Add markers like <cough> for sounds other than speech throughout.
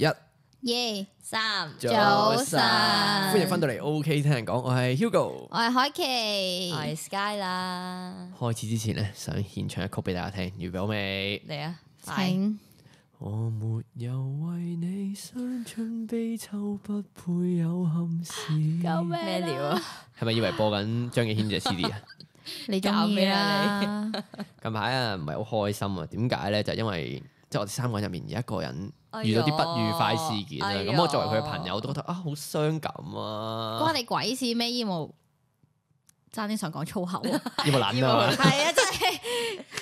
一、二、三，早晨，歡迎翻到嚟。OK，聽人講，我係 Hugo，我係海琪，我係 Sky 啦。開始之前咧，想獻唱一曲俾大家聽，預備好未？嚟啊！請我沒有為你傷春悲秋，不配有憾事。搞咩料啊？係咪以為播緊張敬軒隻 CD 啊？你搞咩啊你？近排啊，唔係好開心啊。點解咧？就因為即係我哋三個人入面有一個人。遇到啲不愉快事件啊，咁、哎、呦我作為佢嘅朋友，我都覺得啊，好傷感啊！關你鬼事咩？emo 爭啲想講粗口，emo 撚啊！係 <laughs> 啊，真係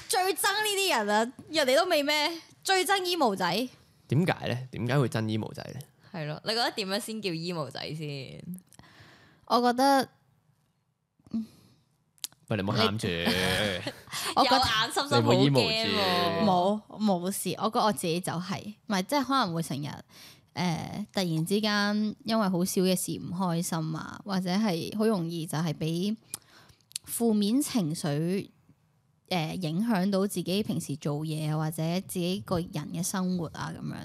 最憎呢啲人啊！人哋都未咩，最憎 emo 仔。點解咧？點解會憎 emo 仔咧？係咯，你覺得點樣先叫 emo 仔先？我覺得，喂、嗯，你唔好喊住。你 <laughs> 我覺得有眼濕濕，有啲無知，冇冇事。我覺得我自己就係、是，唔係即係可能會成日誒突然之間因為好少嘅事唔開心啊，或者係好容易就係俾負面情緒誒、呃、影響到自己平時做嘢或者自己個人嘅生活啊咁樣，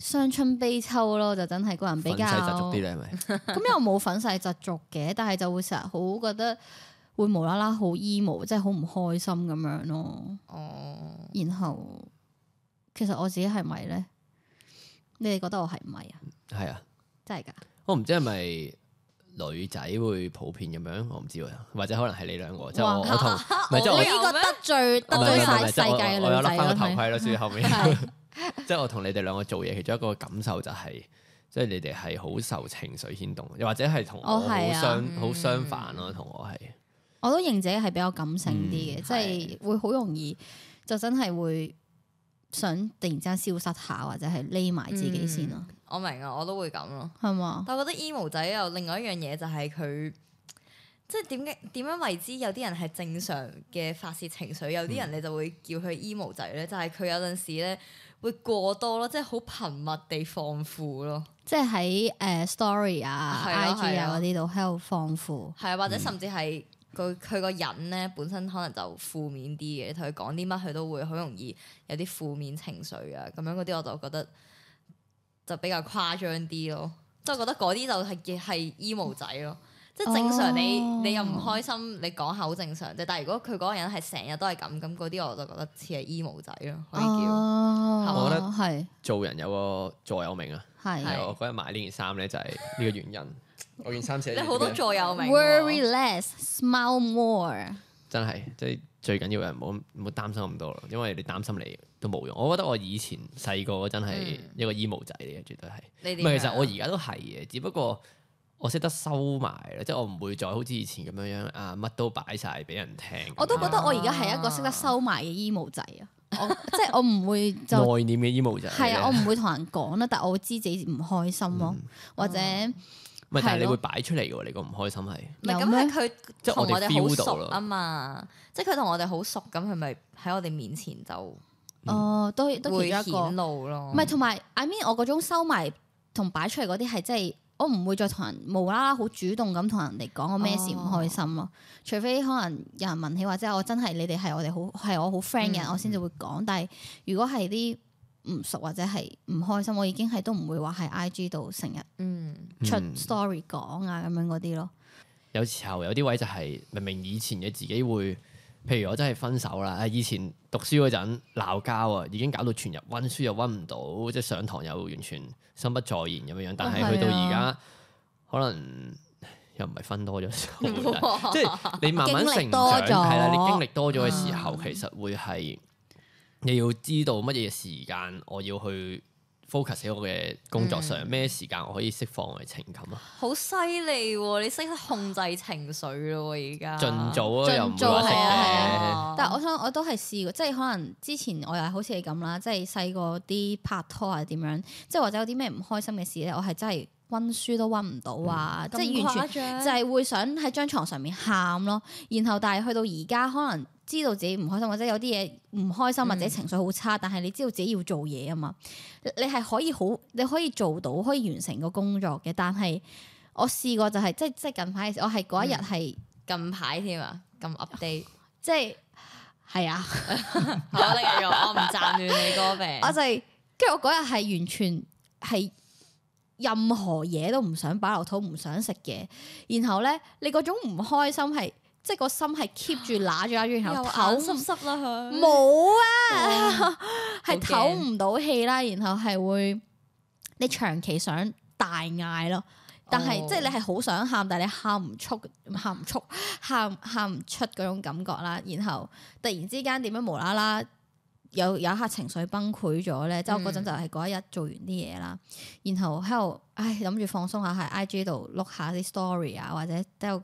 傷、嗯、春悲秋咯，就真係個人比較憤世嫉俗啲咧，係咪？咁又冇憤世嫉俗嘅，但係就會成日好覺得。會無啦啦好 emo，即係好唔開心咁樣咯。哦，然後其實我自己係咪咧？你哋覺得我係唔係啊？係啊，真係噶。我唔知係咪女仔會普遍咁樣，我唔知，或者可能係你兩個，即係我同。唔係即係呢個得罪得罪晒世界嘅女仔咯。我有笠翻個頭盔咯，先後邊。即係我同你哋兩個做嘢，其中一個感受就係，即係你哋係好受情緒牽動，又或者係同我好相好相反咯，同我係。我都認自己係比較感性啲嘅，即係、嗯、會好容易就真係會想突然之間消失下，或者係匿埋自己先咯、嗯。我明啊，我都會咁咯，係嘛嗎？但係我覺得 emo 仔有另外一樣嘢，就係佢即係點解點樣為之有啲人係正常嘅發泄情緒，有啲人你就會叫佢 emo 仔咧，就係、是、佢有陣時咧會過多咯，即係好頻密地放負咯，即係喺誒 story 啊、的 IG 啊嗰啲度喺度放負，係啊，或者甚至係。佢佢個人咧本身可能就負面啲嘅，同佢講啲乜佢都會好容易有啲負面情緒啊，咁樣嗰啲我就覺得就比較誇張啲咯、就是，即係覺得嗰啲就係係 emo 仔咯，即係正常你你又唔開心，你講下好正常啫。但係如果佢嗰個人係成日都係咁，咁嗰啲我就覺得似係 emo 仔咯，可以叫。啊、吧我覺得係做人有個座右銘啊，係是我嗰日買呢件衫咧就係呢個原因。 <laughs> 我件衫寫，即係好多座右銘。Worry less, smile more。真係，即係最緊要嘅唔好唔好擔心咁多咯，因為你擔心你都冇用。我覺得我以前細個真係一個 emo 仔嚟嘅，絕對係。唔係、嗯，其實我而家都係嘅，只不過我識得收埋啦，即係我唔會再好似以前咁樣樣啊，乜都擺晒俾人聽。我都覺得我而家係一個識得收埋嘅 emo 仔啊！ <laughs> 我即係我唔會就內斂嘅 emo 仔。係啊，我唔會同人講啦，但我會知自己唔開心咯，嗯、或者。唔但係你會擺出嚟嘅喎，你個唔開心係。唔係咁係佢，即係我哋好嗎熟啊嘛，即係佢同我哋好熟，咁佢咪喺我哋面前就、嗯、哦都都叫一個。唔係，同埋 I mean 我嗰種收埋同擺出嚟嗰啲係即係，就是、我唔會再同人無啦啦好主動咁同人哋講我咩事唔開心咯、啊。哦、除非可能有人問起，或者我真係你哋係我哋好係我好 friend 嘅、嗯、我先至會講。嗯、但係如果係啲。唔熟或者係唔開心，我已經係都唔會話喺 I G 度成日，嗯、出 story 講啊咁樣嗰啲咯。有時候有啲位就係，明明以前嘅自己會，譬如我真係分手啦，以前讀書嗰陣鬧交啊，已經搞到全日溫書又溫唔到，即係上堂又完全心不在焉咁樣樣。但係去到而家、嗯，可能又唔係分多咗，即係、哦、 <laughs> 你慢慢成長係啦，你經歷多咗嘅時候，其實會係。嗯你要知道乜嘢時間我要去 focus 喺我嘅工作上，咩時間我可以釋放我嘅情感、嗯、 <laughs> 啊？好犀利喎！你識得控制情緒咯喎、啊，而家盡早，盡早 <laughs> 啊，又唔錯。 <laughs> 但係我想我都係試過，即係可能之前我又係好似你咁啦，即係細個啲拍拖啊點樣，即係或，或者有啲咩唔開心嘅事咧，我係真係。溫書都溫唔到啊！嗯、即係完全就係會想喺張床上面喊咯。然後但係去到而家，可能知道自己唔開,開心，或者有啲嘢唔開心，或者情緒好差。但係你知道自己要做嘢啊嘛？你係可以好，你可以做到，可以完成個工作嘅。但係我試過就係、是、即係即係近排，我係嗰一、嗯、日係近排添啊，咁 update。即係係啊，我唔贊願你個病。我就係跟住我嗰日係完全係。任何嘢都唔想擺落肚，唔想食嘢，然後咧，你嗰種唔開心係，即係個心係 keep 住揦住揦住，然後唞濕啦佢，冇啊，係唞唔到氣啦，然後係會，你長期想大嗌咯，但係即係你係好想喊，但係你喊唔出，喊唔出，喊喊唔出嗰種感覺啦，然後突然之間點樣無啦啦？有有一刻情緒崩潰咗咧，即係我嗰陣就係嗰一日做完啲嘢啦，嗯、然後喺度，唉諗住放鬆下喺 IG 度碌下啲 story 啊，或者喺度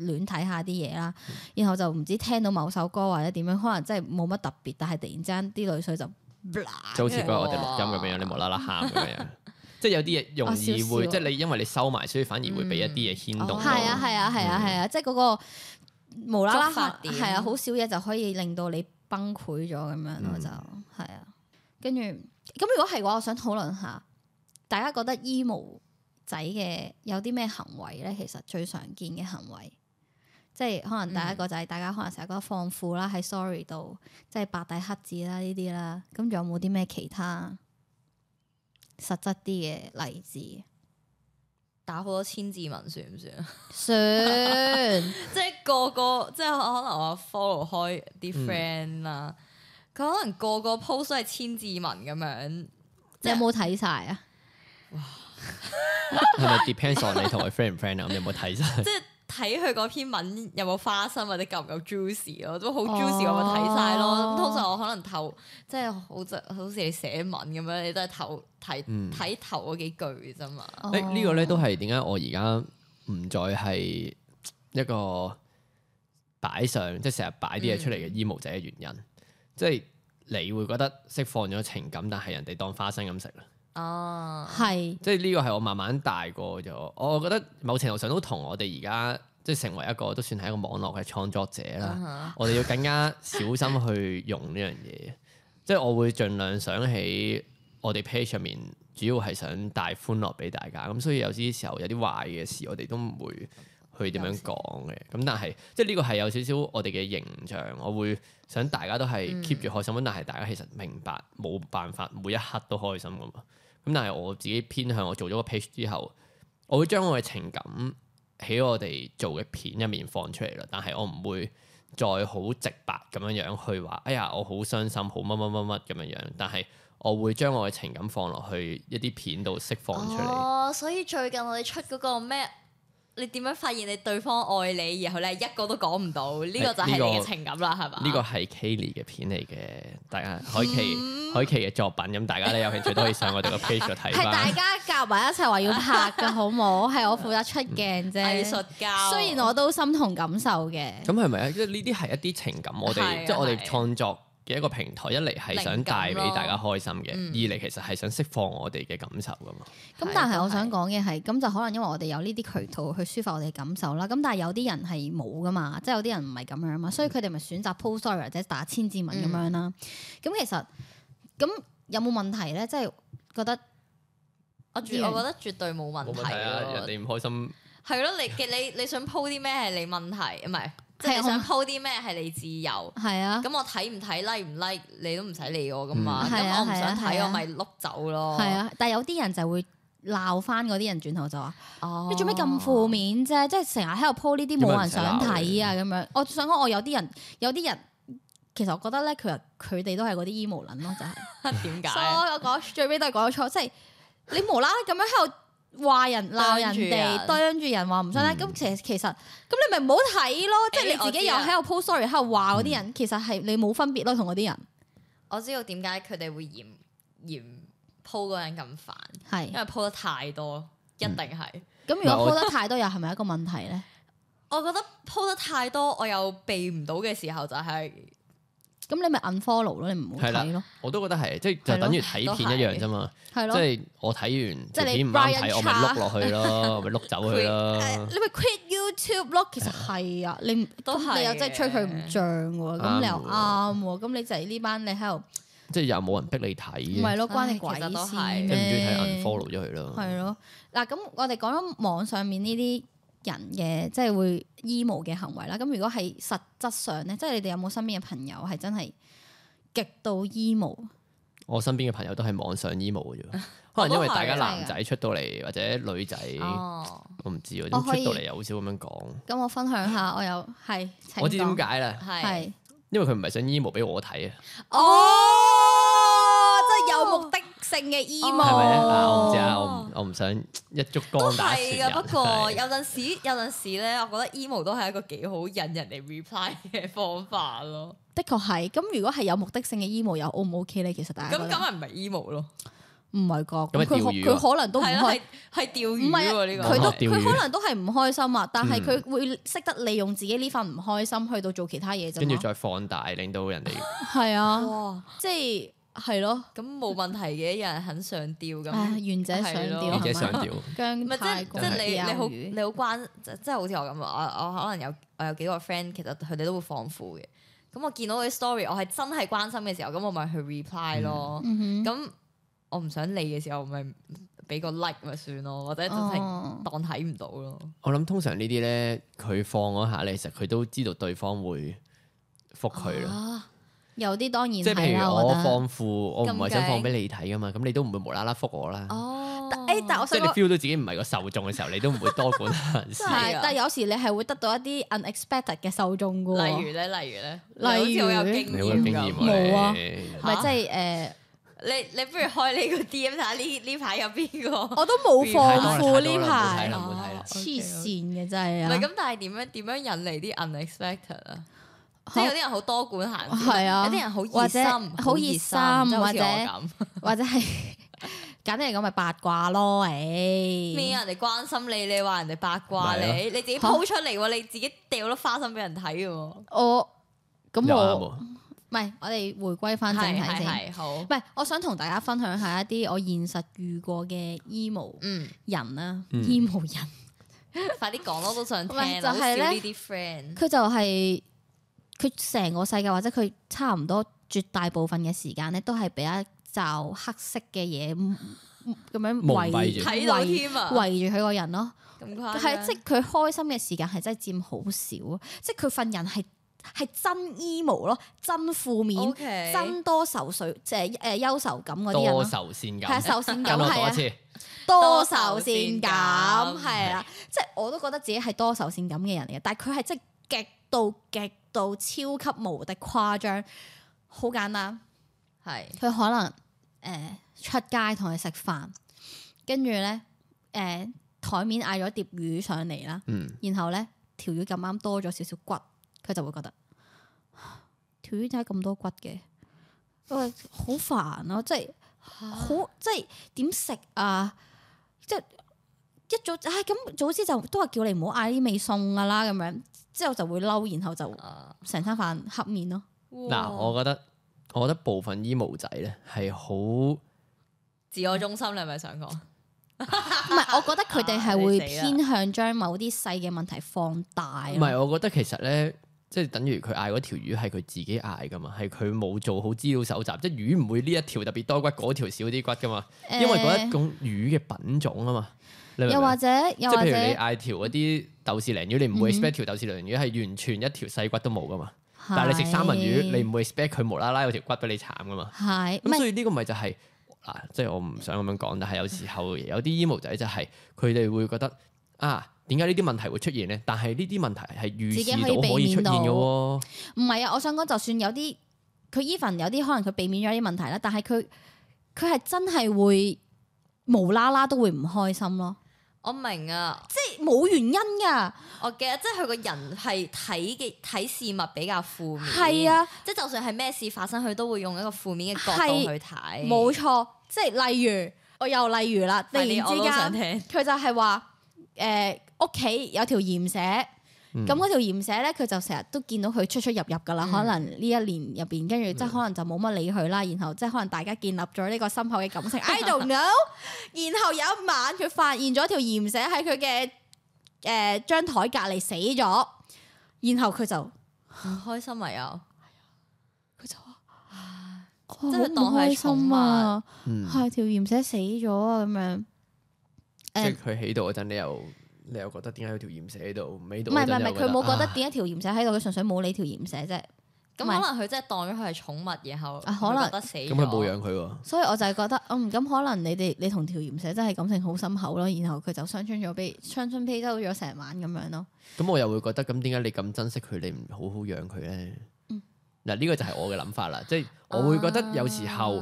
亂睇下啲嘢啦，然後就唔知聽到某首歌或者點樣，可能真係冇乜特別，但係突然之間啲淚水就，就好似嗰日我哋錄音咁樣，你無啦啦喊咁樣， <laughs> 即係有啲嘢容， <laughs> 容易會， <laughs> 即係你因為你收埋，所以反而會俾一啲嘢牽動到。係啊係啊係啊係啊，即係嗰個無啦啦發，係啊好少嘢就可以令到你。umble Garlic 崩潰咗咁樣，我就係啊，跟住咁如果係嘅話，我想討論下，大家覺得 emo 仔嘅有啲咩行為呢？其實最常見嘅行為，即係可能第一個就係大家可能成日覺得放負啦，喺 sorry 度，即係白底黑字啦呢啲啦，咁仲有冇啲咩其他實質啲嘅例子？打好多千字文算唔算啊？算，算 <laughs> <laughs> 即係個個，即係可能我 follow 開啲 friend 啦、啊，佢、嗯、可能個個 post 都係千字文咁樣，你有冇睇晒啊？哇即，係咪 depends on 你同佢 friend 唔 friend 啊？你有冇睇晒？即睇佢嗰篇文有冇花生或者夠唔夠 juicy 咯、哦，都好 juicy 咁咪睇晒咯。咁、哦、通常我可能頭即係好就好似你寫文咁樣，你都係、嗯、頭睇睇頭嗰幾句啫嘛。誒、哦欸這個、呢個咧都係點解我而家唔再係一個擺上，即係成日擺啲嘢出嚟嘅 emo 仔嘅原因，即係、嗯、你會覺得釋放咗情感，但係人哋當花生咁食啦。哦，係，即係呢個係我慢慢大個咗，我覺得某程度上都同我哋而家即係成為一個都算係一個網絡嘅創作者啦，嗯、哼我哋要更加小心去用呢樣嘢， <laughs> 即係我會盡量想喺我哋 page 上面，主要係想帶歡樂俾大家，咁所以有啲時候有啲壞嘅事，我哋都唔會去點樣講嘅咁，但係即係呢個係有少少我哋嘅形象，我會想大家都係 keep 住開心。咁、嗯、但係大家其實明白冇辦法每一刻都開心噶嘛。咁但係我自己偏向我做咗個 page 之後，我會將我嘅情感喺我哋做嘅片入面放出嚟啦。但係我唔會再好直白咁樣樣去話，哎呀，我好傷心，好乜乜乜乜咁樣樣。但係我會將我嘅情感放落去一啲片度釋放出嚟。哦，所以最近我哋出嗰個咩？你點樣發現你對方愛你？然後咧一個都講唔到，呢、這個就係你嘅情感啦，係嘛？呢、這個係 Kelly 嘅片嚟嘅，大家海琪、嗯、海琪嘅作品咁，大家咧有興趣都可以上我哋個 page 睇翻。係 <laughs> 大家夾埋一齊話要拍㗎，好唔好？係我負責出鏡啫，嗯、藝術家。雖然我都心同感受嘅。咁係咪啊？即係呢啲係一啲情感，我哋即係我哋創作。嘅一個平台，一嚟係想帶俾大家開心嘅，感二嚟其實係想釋放我哋嘅感受噶嘛。咁、嗯、是但係我想講嘅係，咁就可能因為我哋有呢啲渠道去抒發我哋嘅感受啦。咁但係有啲人係冇噶嘛，即、就、係、是、有啲人唔係咁樣啊嘛。所以佢哋咪選擇 po sorry 或者打千字文咁樣啦。咁、嗯、其實咁有冇問題咧？即、就、係、是、覺得我、嗯、我覺得絕對冇問，問題啊！人哋唔開心係咯，你你你，你想 po 啲咩係你問題唔係？即係、啊、想 po 啲咩係你自由，係啊。咁我睇唔睇 like 唔 like，你都唔使理我噶嘛。咁、啊、我唔想睇，啊、我咪碌走咯。係啊。但係有啲人就會鬧翻嗰啲人，轉頭就話：哦、你做咩咁負面啫？即係成日喺度 po 呢啲冇人想睇啊咁樣。我想講，我有啲人，有啲人其實我覺得咧，佢佢哋都係嗰啲 emo 撚咯，就係點解？ <laughs> 麼所以我講最尾都係講錯，即、就、係、是、你無啦啦咁樣喺度。話人鬧人哋，對住人話唔信咧。咁其實其實，咁你咪唔好睇咯。欸、即係你自己又喺度 po sorry，喺度話嗰啲人，其實係你冇分別咯。同嗰啲人，我知道點解佢哋會嫌嫌 po 嗰人咁煩，係是因為 po 得太多，一定係。咁、嗯、如果 po 得太多，又係咪一個問題咧？ <laughs> 我覺得 po 得太多，我又避唔到嘅時候就係、是。咁你咪 unfollow 咯，你唔好睇咯。我都覺得係，即係就等於睇片一樣啫嘛。係咯，即係我睇完即係你唔睇，我咪碌落去咯，咪碌走咯。你咪 quit YouTube 咯，其實係啊，你都係又真係吹佢唔漲喎，咁你又啱喎，咁你就係呢班你喺度，即係又冇人逼你睇唔係咯，關你鬼事。你中唔中意睇 unfollow 咗佢咯。係咯，嗱，咁我哋講咗網上面呢啲，人嘅即係會 emo 嘅行為啦，咁如果係實質上咧，即係你哋有冇身邊嘅朋友係真係極度 emo？我身邊嘅朋友都係網上 emo 嘅啫， <laughs> 是可能因為大家男仔出到嚟或者女仔，哦、我唔知，出到嚟又好少咁樣講。咁我分享下，我有係， <laughs> 我知點解啦，係是因為佢唔係想 emo 俾我睇啊！哦，哦即係有目的。正嘅 emo，我唔知啊，我唔想一足光都係嘅。不過有陣時，有陣時咧，我覺得 emo 都係一個幾好引人嚟 reply 嘅方法咯。的確係，咁如果係有目的性嘅 emo 又 O 唔 OK 咧？其實大家咁，咁咪唔係 emo 咯，唔係個，佢，佢可能都唔開係釣魚，唔係啊？佢都，佢可能都係唔開心啊，但係佢會識得利用自己呢份唔開心去到做其他嘢，就跟住再放大令到人哋，係啊，即係。係咯，咁冇、嗯、問題嘅，有人肯上釣咁，係願者上釣係咪？姜太公釣魚。唔係即係即係你你好你好關，即係好似我咁，我我可能有我有幾個 friend，其實佢哋都會放負嘅。咁我見到嗰啲 story，我係真係關心嘅時候，咁我咪去 reply 咯、嗯。咁我唔想理嘅時候，咪俾個 like 咪算咯，或者真係當睇唔到咯。哦、我諗通常呢啲咧，佢放咗下咧，其實佢都知道對方會覆佢咯。有啲當然即係譬如我放負，我唔係想放俾你睇㗎嘛，咁你都唔會無啦啦覆我啦。哦，但但我想你 feel 到自己唔係個受眾嘅時候，你都唔會多管閒事。但係有時你係會得到一啲 unexpected 嘅受眾㗎喎。例如咧，例如咧，你好似好有經驗，例如咧，冇啊，唔係即係誒，你你不如開你個 DM 睇下呢呢排有邊個？我都冇放負呢排，黐線嘅真係啊！唔係咁，但係點樣點樣引嚟啲 unexpected 啊？即係有啲人好多管閒事，係啊，有啲人好熱心，好熱心，或者或者係簡單嚟講，咪八卦咯。誒，咩人哋關心你，你話人哋八卦你，你自己鋪出嚟，你自己掉粒花生俾人睇嘅。我咁我唔係，我哋回歸翻正題先。好，唔係，我想同大家分享下一啲我現實遇過嘅 emo，嗯，人啊，emo 人，快啲講咯，都想知。唔係就係呢啲 friend，佢就係。佢成個世界或者佢差唔多絕大部分嘅時間咧，都係俾一罩黑色嘅嘢咁樣圍圍圍住佢個人咯。係即係佢開心嘅時間係真係佔好少，即係佢份人係係真 emo 咯，真負面，真多愁水，即係誒憂愁感嗰啲人。多愁善感係啊，善感多愁善感係啦。即係我都覺得自己係多愁善感嘅人嚟嘅，但係佢係即係極到極。到超級無敵誇張，好簡單，係佢是可能誒、呃、出街同佢食飯，跟住咧誒台面嗌咗碟魚上嚟啦，嗯、然後咧條魚咁啱多咗少少骨，佢就會覺得條魚點解咁多骨嘅？我好、 <laughs> 欸、煩咯，即係好即係點食啊！即係、 <laughs> 啊、一早唉咁早知就都話叫你唔好嗌啲味餸噶啦咁樣。之後就會嬲，然後就成餐飯黑面咯。嗱哇，我覺得，我覺得部分 emo 仔咧係好自我中心。你係咪想講？唔 <laughs> 係，我覺得佢哋係會偏向將某啲細嘅問題放大。唔係，啊，我覺得其實咧，即、就、係、是、等於佢嗌嗰條魚係佢自己嗌噶嘛，係佢冇做好資料搜集，即、就、係、是、魚唔會呢一條特別多骨，嗰條少啲骨噶嘛，因為嗰一種魚嘅品種啊嘛。又或者，即譬如你嗌條嗰啲。豆豉鯪魚，你唔會 expect 條豆豉鯪魚係完全一條細骨都冇噶嘛？但係你食三文魚，你唔會 expect 佢無啦啦有條骨俾你慘噶嘛？係咁，所以呢個咪就係嗱，即係我唔想咁樣講，但係有時候有啲 emo 仔就係佢哋會覺得「啊，點解呢啲問題會出現呢？」但係呢啲問題係預知到可以出現嘅喎。唔係啊，我想講就算有啲佢 even 有啲可能佢避免咗啲問題啦，但係佢佢係真係會無啦啦都會唔開心咯。我明啊，即係冇原因㗎。我記得，即係佢個人係睇嘅睇事物比較負面。係啊，即係就算係咩事發生，佢都會用一個負面嘅角度去睇。冇錯，即係例如，我又例如啦，突然之間，我都想聽，佢就係話誒屋企有條鹽蛇。咁嗰條鹽蛇咧，佢就成日都見到佢出出入入噶啦。可能呢一年入面，跟住即係可能就冇乜理佢啦。然後即係可能大家建立咗呢個深厚嘅感情。 <laughs> I don't know。然後有一晚，佢發現咗條鹽蛇喺佢嘅誒張枱隔離死咗。然後佢就唔開心啊！又、啊、佢就話：唉，即係當係、啊、心啊，係條鹽蛇死咗啊！咁樣。嗯、即佢喺度嗰陣，你又。你又覺得點解有條鹽蛇喺度？唔係，唔係，佢冇覺得點解條鹽蛇喺度，佢、啊、純粹冇你條鹽蛇啫。咁可能佢真係當咗佢係寵物，然後、啊、覺得死。咁佢冇養佢喎？所以我就係覺得，嗯，咁可能你哋你同條鹽蛇真係感情好深厚咯，然後佢就傷春咗，雙春悲傷春披兜咗成晚咁樣咯。咁我又會覺得，咁點解你咁珍惜佢，你唔好好養佢咧？嗱、嗯，呢個就係我嘅諗法啦。即係我會覺得有時候，誒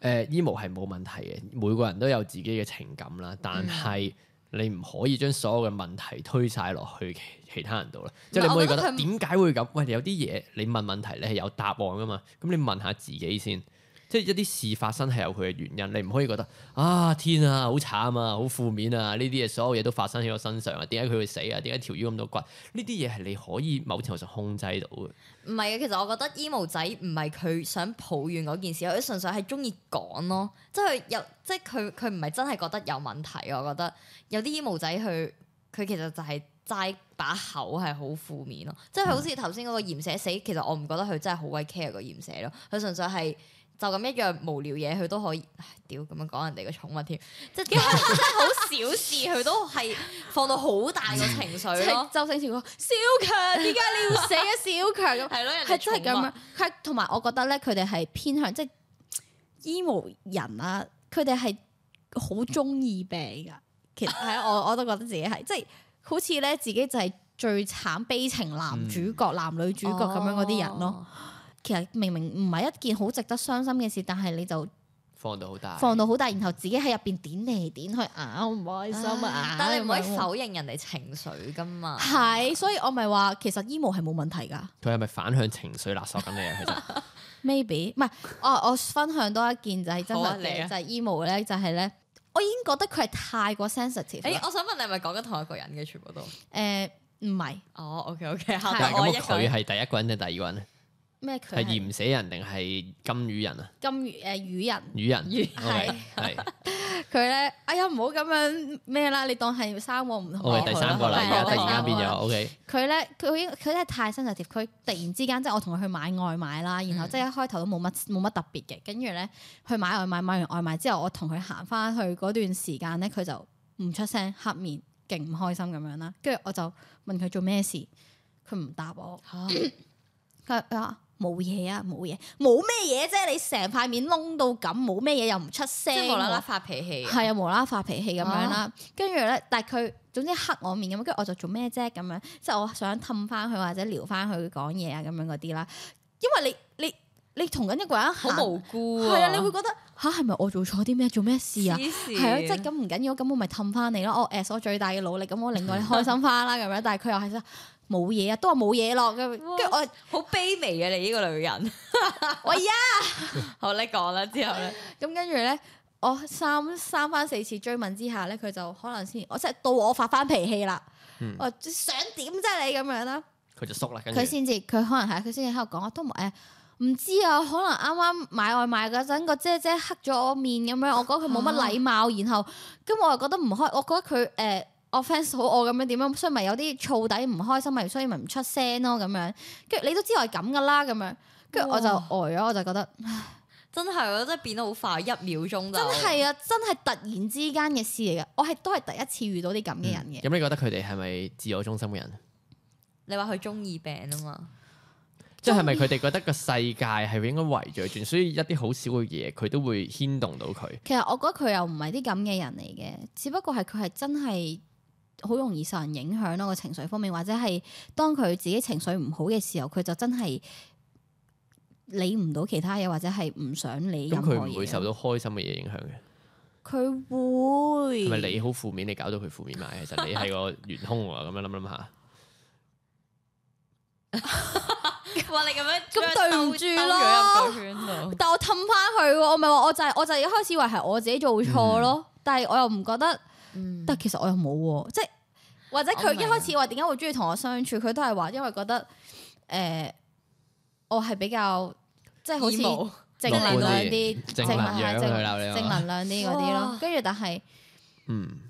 ，emo 係冇問題嘅。每個人都有自己嘅情感啦，但係，嗯你唔可以將所有嘅問題推晒落去其他人度啦，即係 <noise> 你唔可以覺得點解會咁？ <noise> 喂，有啲嘢你問問題你係有答案噶嘛？咁你問下自己先。即係一啲事發生係有佢嘅原因，你唔可以覺得啊天啊，好慘啊，好負面啊呢啲嘢，所有嘢都發生喺我身上啊，點解佢會死啊？點解條魚咁多骨？呢啲嘢係你可以某程度上控制到嘅。唔係啊，其實我覺得 emo 仔唔係佢想抱怨嗰件事，佢純粹係中意講咯。即係有，即係佢佢唔係真係覺得有問題。我覺得有啲 emo 仔佢，佢其實就係齋把口係好負面咯。即係佢好似頭先嗰個鹽蛇死，嗯、其實我唔覺得佢真係好鬼 care 個鹽蛇咯，佢純粹係。.就咁一樣無聊嘢，佢都可以屌咁樣講人哋個寵物添， <laughs> 即係好小事，佢都係放到好大個情緒 <laughs> 周星馳個小強，點解你要死啊小強咁？係咯，係真係咁樣。係同埋，我覺得咧，佢哋係偏向即係 emo 人啦、啊，佢哋係好中意病噶。其實係我我都覺得自己係即係好似咧，自己就係最慘悲情男主角、嗯、男女主角咁樣嗰啲人咯。哦。其實明明唔係一件好值得傷心嘅事，但係你就放到好大，放到好大，然後自己喺入邊點嚟點去，啊，好唔開心啊！但係你唔可以否認人哋情緒噶嘛，係， <laughs> 所以我咪話其實 emo 係冇問題噶。佢係咪反向情緒勒索緊你啊？其實 <laughs> maybe 唔係，我我分享多一件就係真係，就係 emo 咧，啊、就係咧、就係，我已經覺得佢係太過 sensitive、欸。我想問你係咪講緊同一個人嘅全部都誒？唔係哦，OK OK，好對，我一個佢係第一個人定第二個人？咩佢係驗死人定係金魚人啊？金魚誒、呃，魚人魚人魚係係佢咧，哎呀唔好咁樣咩啦！你當係三個唔同我，我係 Okay, 吧第三個啦，突然間變咗。O K 佢咧，佢佢真係太 sensitive。佢突然之間即係我同佢去買外賣啦，然後即係一開頭都冇乜冇乜特別嘅，跟住咧去買外賣，買完外賣之後，我同佢行翻去嗰段時間咧，佢就唔出聲，黑面勁唔開心咁樣啦。跟住我就問佢做咩事，佢唔答我。佢佢話。 <coughs> <coughs> 冇嘢啊，冇嘢，冇咩嘢啫！你成塊面窿到咁，冇咩嘢又唔出聲啊，即係無啦啦發脾氣啊。係啊，無啦啦發脾氣咁樣啦，跟住咧，但係佢總之黑我面咁，跟住我就做咩啫？咁樣即我想氹翻佢或者撩翻佢講嘢啊，咁樣嗰啲啦，因為你。你同緊一個人好無辜啊。係啊，你會覺得吓，係咪我做錯啲咩做咩事啊？係啊，即係咁唔緊要，咁我咪氹翻你咯。我、哦、誒，S、我最大嘅努力，咁我令到你開心翻啦，咁樣。 <laughs> 但係佢又係冇嘢啊，都話冇嘢咯。咁跟住我好卑微嘅、啊、你呢個女人。喂 <laughs> 呀言！好，叻講啦。之後咧，咁跟住咧，我三三番四次追問之下咧，佢就可能先，我即係到我發翻脾氣啦。嗯、我想點啫？你咁樣啦，佢就縮啦。佢先至，佢可能係佢先至喺度講，都冇誒。欸唔知啊，可能啱啱買外賣嗰陣個姐姐黑咗我面咁樣，我覺得佢冇乜禮貌、啊然，然後咁我又覺得唔開，我覺得佢誒 offend 咗我咁樣點樣，所以咪有啲燥底唔開心，咪所以咪唔出聲咯咁樣。跟住你都知我係咁噶啦，咁樣跟住我就呆咗，我就覺得唉，真係，真係變得好快，一秒鐘真係啊！真係突然之間嘅事嚟噶，我係都係第一次遇到啲咁嘅人嘅。咁、嗯、你覺得佢哋係咪自我中心嘅人？你話佢中二病啊嘛？即係咪佢哋覺得個世界係應該圍著轉，所以一啲好少嘅嘢佢都會牽動到佢？其實我覺得佢又唔係啲咁嘅人嚟嘅，只不過係佢係真係好容易受人影響囉。個情緒方面，或者係當佢自己情緒唔好嘅時候，佢就真係理唔到其他嘢，或者係唔想理。咁佢唔會受到開心嘅嘢影響嘅。佢會係咪你好負面？你搞到佢負面埋，其實你係個元兇喎。咁樣諗諗下。 <laughs> 咁樣咁對唔住咯，但我氹翻佢，我咪話我就係、是、我就係一開始以為係我自己做錯咯，嗯、但係我又唔覺得，嗯、但其實我又冇，即係或者佢一開始話點解會中意同我相處，佢都係話因為覺得誒、呃、我係比較即係好似正能量啲，正能量正能量啲啲咯，跟住哇但係嗯。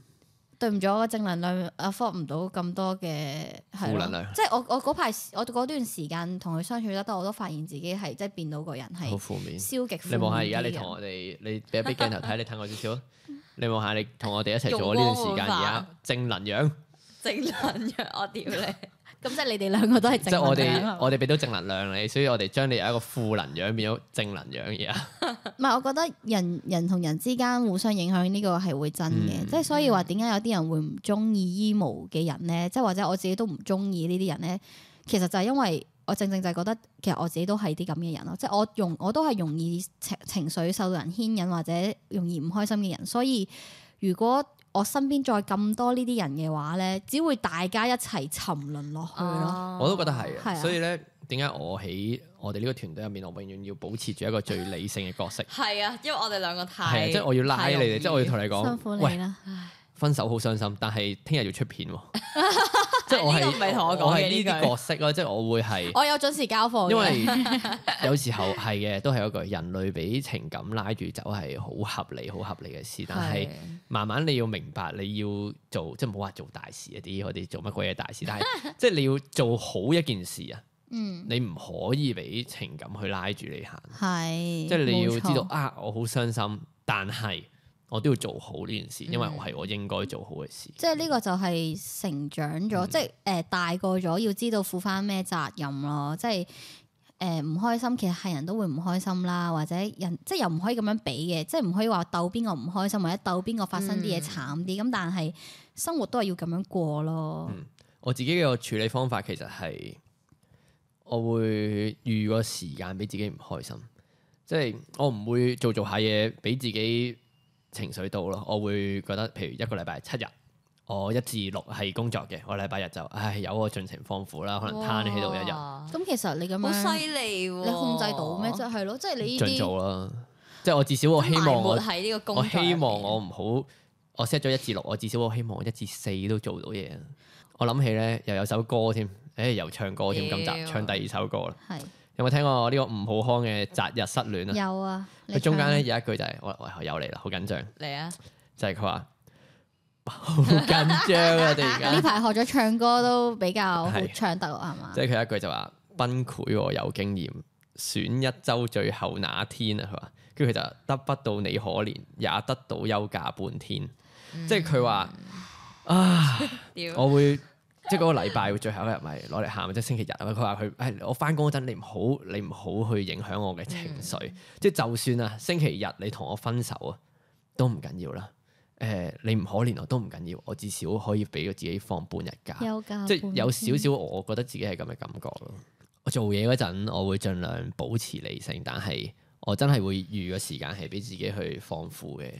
對唔住，我個正能量 afford 唔到咁多嘅負能量。即係我我嗰排我嗰段時間同佢相處得多，我都發現自己係即係變到個人係消極負面，負面你你。你望下而家你同我哋，你俾一啲鏡頭睇，你睇哥我少少你望下你同我哋一齊做呢段時間，而家正能量，正能量，我屌你！咁 <laughs> <laughs> <laughs> 即係你哋兩個都係即係我哋我哋俾到正能量你吧，所以我哋將你由一個負能量變咗正能量而家。 <laughs> 唔係，我覺得人人同人之間互相影響個、嗯、呢個係會真嘅，即係所以話點解有啲人會唔中意 emo 嘅人咧？即係或者我自己都唔中意呢啲人咧，其實就係因為我正正就係覺得其實我自己都係啲咁嘅人咯，即係我容我都係容易情情緒受到人牽引或者容易唔開心嘅人，所以如果我身邊再咁多呢啲人嘅話呢，只會大家一齊沉淪落去咯。啊、我都覺得係，啊、所以呢，點解我喺我哋呢個團隊入面，我永遠要保持住一個最理性嘅角色。係啊，因為我哋兩個太即係、啊就係、我要拉你哋，即、就、係、係、我要同你講，辛苦你啦。喂分手好傷心，但係聽日要出片喎， <laughs> 即係我同我講係呢啲角色咯，即係 <laughs> 我會係我有準時交貨 <laughs> 因為有時候係嘅，都係一句人類俾情感拉住走係好合理、好合理嘅事。但係慢慢你要明白，你要做即係唔好話做大事一啲我哋做乜鬼嘢大事。但係即係你要做好一件事啊， <laughs> 你唔可以俾情感去拉住你行，係即係你要知道啊，我好傷心，但係，我都要做好呢件事，因為我係我應該做好嘅事。即係呢個就係成長咗，即係誒大個咗，要知道負翻咩責任咯。即係誒唔開心，其實係人都會唔開心啦，或者人即係又唔可以咁樣俾嘅，即係唔可以話鬥邊個唔開心，或者鬥邊個發生啲嘢慘啲。咁但係生活都係要咁樣過咯。我自己嘅處理方法其實係我會預個時間俾自己唔開心，即係我唔會做做下嘢俾自己。情緒到咯，我會覺得譬如一個禮拜七日，我一至六係工作嘅，我禮拜日就，唉，由我盡情放負啦，可能攤喺度一日。咁哇又其實你咁好犀利喎，啊、你控制到咩啫？係、就、咯、是，即係你盡做啦，即係我至少我希望喺呢個工作，我希望我唔好，我 set 咗一至六，我至少我希望我一至四都做到嘢。我諗起咧又有首歌添，誒、哎、又唱歌添，哦、今集唱第二首歌啦。有冇聽過我呢個吳浩康嘅《擇日失戀》啊？有啊！佢中間咧有一句就係、是：喂喂，又嚟啦，好緊張！嚟啊！就係佢話好緊張啊！我哋而家呢排學咗唱歌都比較好唱得係嘛？即係佢一句就話、是、崩潰，我有經驗。選一周最後那一天啊，佢話，跟住佢就得不到你可憐，也得到休假半天。嗯、即係佢話啊，我會。 <laughs> 即係嗰個禮拜最後一日咪攞嚟喊，即係星期日啊！佢話佢誒，我翻工嗰陣你唔好，你唔好去影響我嘅情緒。嗯、即係就算啊，星期日你同我分手啊，都唔緊要啦。誒、呃，你唔可憐我都唔緊要，我至少可以俾自己放半日假。即係有少少，我覺得自己係咁嘅感覺咯。我做嘢嗰陣，我會盡量保持理性，但係我真係會預個時間係俾自己去放負嘅，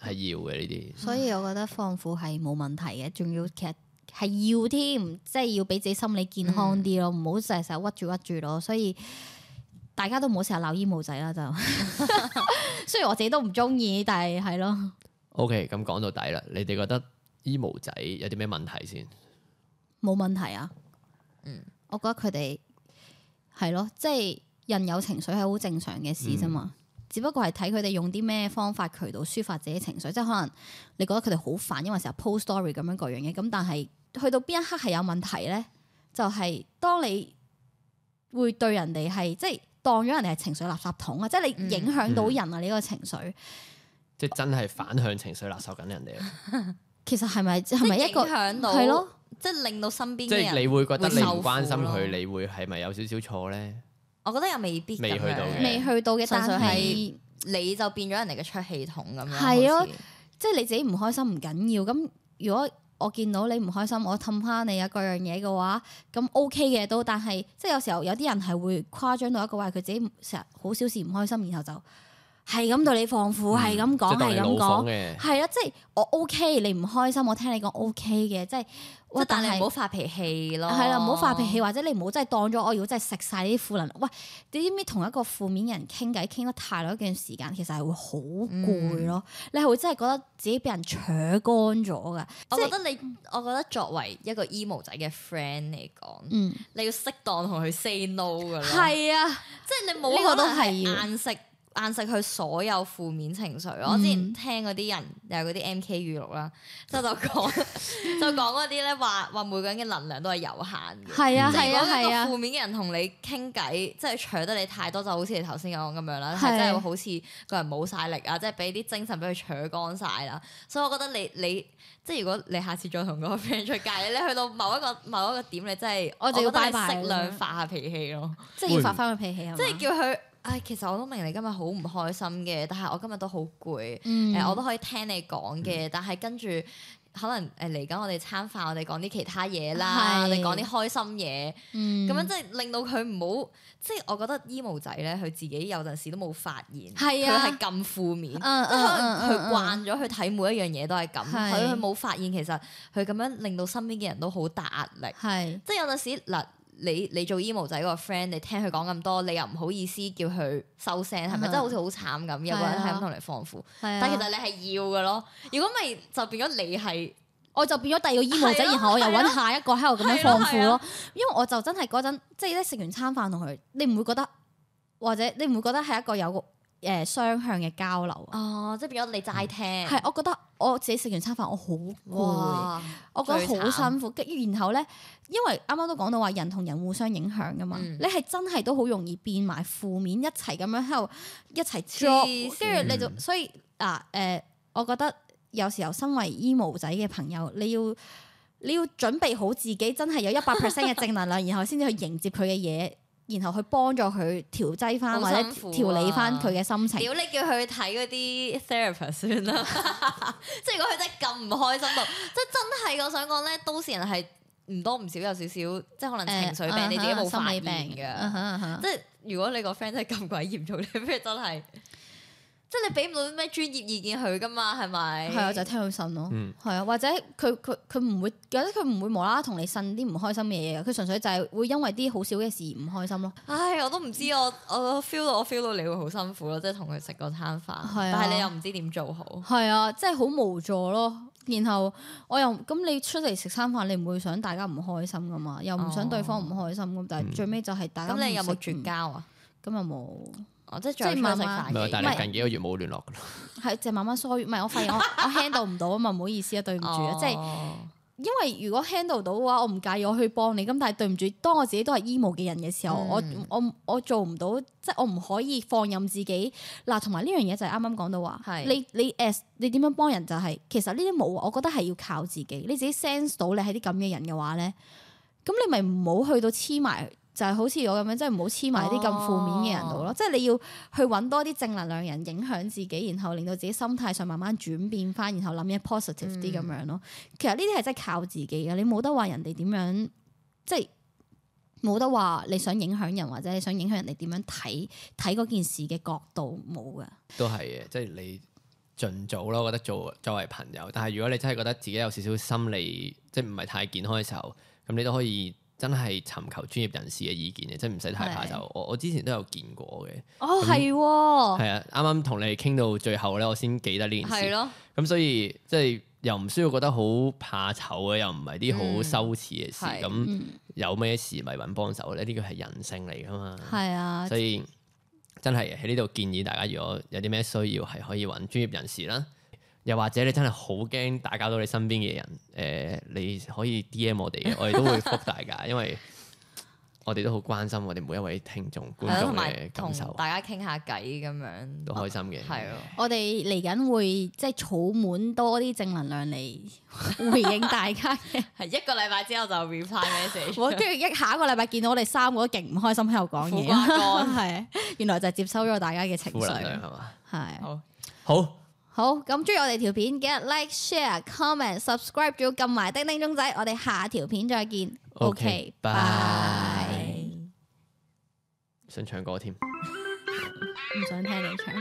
係要嘅呢啲。嗯、所以我覺得放負係冇問題嘅，仲要其係要添，即係要俾自己心理健康啲咯，唔好成日成日屈住屈住咯。所以大家都唔好成日鬧 emo 仔啦，就 <laughs> 雖然我自己都唔中意，但係係咯。OK，咁講到底啦，你哋覺得 emo 仔有啲咩問題先？冇問題啊，嗯，我覺得佢哋係咯，即係、就是、人有情緒係好正常嘅事啫嘛。嗯只不過係睇佢哋用啲咩方法渠道抒發自己情緒，即係可能你覺得佢哋好煩，因為成日 post story 咁樣各樣嘢。咁但係去到邊一刻係有問題咧？就係、係、當你會對人哋係即係當咗人哋係情緒垃圾桶啊！嗯、即係你影響到人啊！你個情緒即係真係反向情緒垃圾筒緊人哋。其實係咪係咪一個影響到？咯即係令到身邊人即係你會覺得你唔關心佢，會你會係咪有少少錯咧？我覺得又未必未去到嘅，未去到嘅，但係你就變咗人哋嘅出氣筒咁樣。係咯、啊，即係你自己唔開心唔緊要。咁如果我見到你唔開心，我氹返你啊，各樣嘢嘅話，咁 OK 嘅都。但係即係有時候有啲人係會誇張到一個話，佢自己成日好小事唔開心，然後就係咁對你放虎，係咁講，係咁講，係啊！即係我 OK，你唔開心，我聽你講 OK 嘅，即係但係唔好發脾氣咯。係 <noise> 啦，唔好發脾氣，或者你唔好真係當咗。我如果真係食晒啲負能，喂，你知唔知同一個負面人傾偈傾得太耐一段時間，其實係會好攰咯。嗯、你係會真係覺得自己俾人扯乾咗噶。我覺得你，嗯、我覺得作為一個 emo 仔嘅 friend 嚟講，嗯、你要適當同佢 say no 噶啦。係啊，即係你冇可能係硬食。壓實佢所有負面情緒，嗯、我之前聽嗰啲人又嗰啲 M K 語錄啦，就就講 <laughs> 就講嗰啲咧，話話每個人嘅能量都係有限嘅，係啊係啊係啊。負、啊啊、面嘅人同你傾偈，即係搶得你太多，就好似你頭先講咁樣啦，係真係好似個人冇晒力啊，即係俾啲精神俾佢搶乾晒啦。所以我覺得你你即係、就是、如果你下次再同嗰個 friend 出街，你去到某一個某一個點，你真係我就要適量發下脾氣咯，即係要發翻個脾氣，即係叫佢。就是唉，其實我都明你今日好唔開心嘅，但係我今日都好攰、嗯呃，我都可以聽你講嘅，嗯、但係跟住可能誒嚟緊我哋餐飯，我哋講啲其他嘢啦，我哋講啲開心嘢，咁樣即係令到佢唔好，即、就、係、是、我覺得 emo 仔咧，佢自己有陣時都冇發現，佢啊，係咁負面，佢、uh, uh uh, 慣咗去睇每一樣嘢都係咁，佢冇是發現其實佢咁樣令到身邊嘅人都好大壓力，即係是有陣時嗱。你你做 emo 仔嗰個 friend，你聽佢講咁多，你又唔好意思叫佢收聲，係咪真係好似好慘咁？有個人喺咁同你放負，啊、但其實你係要嘅咯。如果咪就變咗你係，我就變咗第二個 emo 仔，啊、然後我又揾下一個喺度咁樣放負咯。啊啊啊、因為我就真係嗰陣，即係咧食完餐飯同佢，你唔會覺得，或者你唔會覺得係一個有個。誒雙向嘅交流哦，即係變咗你齋聽。係，我覺得我自己食完餐飯，我好攰，哇我覺得好辛苦。跟慘然後咧，因為啱啱都講到話人同人互相影響噶嘛，嗯、你係真係都好容易變埋負面，一齊咁樣喺度一齊作，跟住你就所以嗱誒、啊呃，我覺得有時候身為 emo 仔嘅朋友，你要你要準備好自己真係有一百 percent 嘅正能量， <laughs> 然後先至去迎接佢嘅嘢。然後去幫助佢調劑翻或者調理翻佢嘅心情。屌，你叫佢去睇嗰啲 therapist 算啦！即 <laughs> 係 <laughs> 如果佢真係咁唔開心到，到即係真係我想講咧，都市人係唔多唔少有少少，即、就、係、係、可能情緒病，呃 uh huh，你自己冇發現嘅。Uh huh, uh huh. 即係如果你個 friend 真係咁鬼嚴重，你不如真係。即係你俾唔到啲咩專業意見佢噶嘛，係咪？係啊，就係、是、聽佢呻咯。係、嗯、啊，或者佢佢佢唔會，或者佢唔會無啦啦同你呻啲唔開心嘅嘢，佢純粹就係會因為啲好少嘅事唔開心咯。唉，我都唔知我我 feel 到我 feel 到你會好辛苦咯。即係同佢食嗰餐飯，是啊、但係你又唔知點做好。係啊，即係好無助咯。然後我又咁，你出嚟食餐飯，你唔會想大家唔開心噶嘛？又唔想對方唔開心咁，哦、但係最尾就係大家咁、嗯嗯，你有冇絕交啊？咁又冇。哦、即係慢慢，唔是但你近幾個月冇聯絡噶啦。係是，即係、 <laughs> 就是、慢慢疏遠。唔係，我發現我 handle 唔到啊嘛，唔 <laughs> 好意思啊，對唔住啊。即係、就是、因為如果 handle 到嘅話，我唔介意我去幫你。咁但係對唔住，當我自己都係 emo 嘅人嘅時候，嗯、我我我做唔到，即、就、係、是、我唔可以放任自己。嗱、啊，同埋呢樣嘢就係啱啱講到話是，你你誒，你點樣幫人就係、是，其實呢啲冇，我覺得係要靠自己。你自己 sense 到你係啲咁嘅人嘅話咧，咁你咪唔好去到黐埋。就係好似我咁樣，即係唔好黐埋啲咁負面嘅人度咯。即係、哦、你要去揾多啲正能量人影響自己，然後令到自己心態上慢慢轉變翻，然後諗嘢 positive 啲咁、嗯、樣咯。其實呢啲係真係靠自己嘅，你冇得話人哋點樣，即係冇得話你想影響人或者你想影響人哋點樣睇睇嗰件事嘅角度冇噶。都係嘅，即係你盡早咯。我覺得做作為朋友，但係如果你真係覺得自己有少少心理即係唔係太健康嘅時候，咁你都可以。真係尋求專業人士嘅意見嘅，真唔使太怕醜。我是我之前都有見過嘅。哦，係那。係啊，啱啱同你哋傾到最後咧，我先記得呢件事。係咯、啊。咁所以即係又唔需要覺得好怕醜嘅，又唔係啲好羞恥嘅事。咁有咩事咪搵幫手咧？呢個係人性嚟㗎嘛。係啊。所以真係喺呢度建議大家，如果有啲咩需要係可以搵專業人士啦。又或者你真係好驚打攪到你身邊嘅人，誒、呃，你可以 DM 我哋，我哋都會覆大家，因為我哋都好關心我哋每一位聽眾觀眾嘅感受，大家傾下偈咁樣，都開心嘅。係咯、哦， <laughs> 我哋嚟緊會即係儲滿多啲正能量嚟回應大家嘅。係一個禮拜之後就 reply message，我跟住下一個禮拜見到我哋三個都勁唔開心喺度講嘢，係 <laughs> 原來就接收咗大家嘅情緒係嘛，係 <laughs> 是的 <laughs> 好。好好好，咁中意我哋條片，記得 like、share、comment、subscribe，仲要撳埋叮叮鐘仔。我哋下條片再見。OK，bye。想唱歌添，唔想聽你唱。